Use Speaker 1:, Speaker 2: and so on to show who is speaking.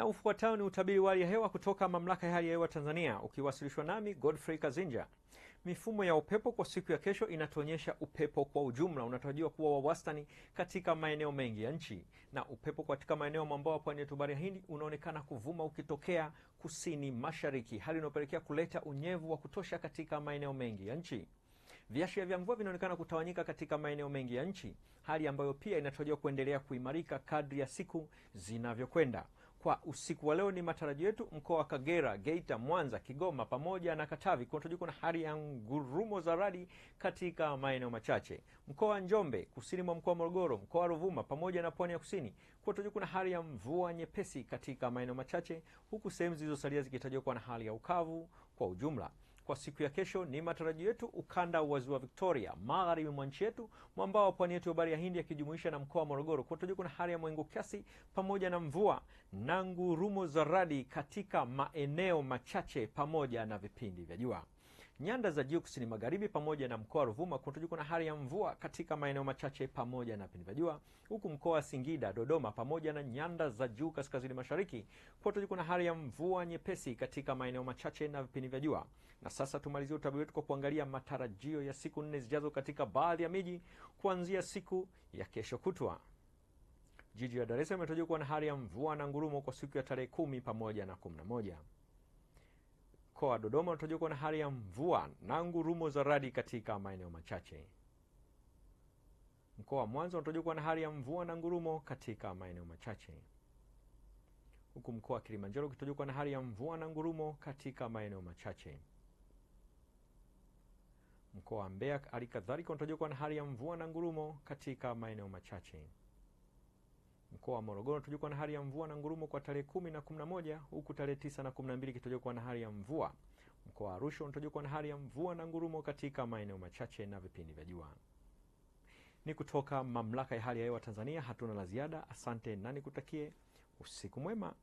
Speaker 1: Na ufuatao ni utabiri wa hali ya hewa kutoka Mamlaka ya Hali ya Hewa Tanzania ukiwasilishwa nami Godfrey Kazinja. Mifumo ya upepo kwa siku ya kesho inatuonyesha upepo kwa ujumla unatarajiwa kuwa wa wastani katika maeneo mengi ya nchi, na upepo katika maeneo mwambao wa pwani yetu Bahari ya Hindi unaonekana kuvuma ukitokea kusini mashariki, hali inayopelekea kuleta unyevu wa kutosha katika maeneo mengi ya nchi. Viashiria vya mvua vinaonekana kutawanyika katika maeneo mengi ya nchi, hali ambayo pia inatarajiwa kuendelea kuimarika kadri ya siku zinavyokwenda kwa usiku wa leo ni matarajio yetu mkoa wa Kagera, Geita, Mwanza, Kigoma pamoja na Katavi kunatarajiwa kuna hali ya ngurumo za radi katika maeneo machache. Mkoa wa Njombe, kusini mwa mkoa wa Morogoro, mkoa wa Ruvuma pamoja na pwani ya kusini kunatarajiwa kuna hali ya mvua nyepesi katika maeneo machache, huku sehemu zilizosalia zikitarajiwa kuwa na hali ya ukavu kwa ujumla kwa siku ya kesho. Ni matarajio yetu ukanda wa ziwa Victoria, magharibi mwa nchi yetu, mwambao wa pwani yetu ya bahari ya Hindi yakijumuisha na mkoa wa Morogoro, kunatajwa kuna hali ya mawingu kiasi pamoja na mvua na ngurumo za radi katika maeneo machache pamoja na vipindi vya jua. Nyanda za juu kusini magharibi pamoja na mkoa wa Ruvuma kunatajwa kuna hali ya mvua katika maeneo machache pamoja na vipindi vya jua, huku mkoa wa Singida, Dodoma pamoja na nyanda za juu kaskazini mashariki kunatajwa kuna hali ya mvua nyepesi katika maeneo machache na vipindi vya jua. Na sasa tumalizie utabiri wetu kwa kuangalia matarajio ya siku nne zijazo katika baadhi ya miji kuanzia siku ya kesho kutwa. Jiji la Dar es Salaam inatarajiwa kuwa na hali ya mvua na ngurumo kwa siku ya tarehe kumi pamoja na kumi na moja mkoa wa Dodoma unatarajiwa kuwa na hali ya mvua na ngurumo za radi katika maeneo machache. Mkoa wa Mwanza unatarajiwa kuwa na hali ya mvua na ngurumo katika maeneo machache, huku mkoa wa Kilimanjaro ukitarajiwa kuwa na hali ya mvua na ngurumo katika maeneo machache. Mkoa wa Mbeya hali kadhalika unatarajiwa kuwa na hali ya mvua na ngurumo katika maeneo machache. Mkoa wa Morogoro tutakuwa na hali ya mvua na ngurumo kwa tarehe kumi na kumi na moja huku tarehe tisa na kumi na mbili kitakuwa na hali ya mvua. Mkoa wa Arusha unatakiwa na hali ya mvua na ngurumo katika maeneo machache na vipindi vya jua. Ni kutoka Mamlaka ya Hali ya Hewa Tanzania, hatuna la ziada. Asante na nikutakie usiku mwema.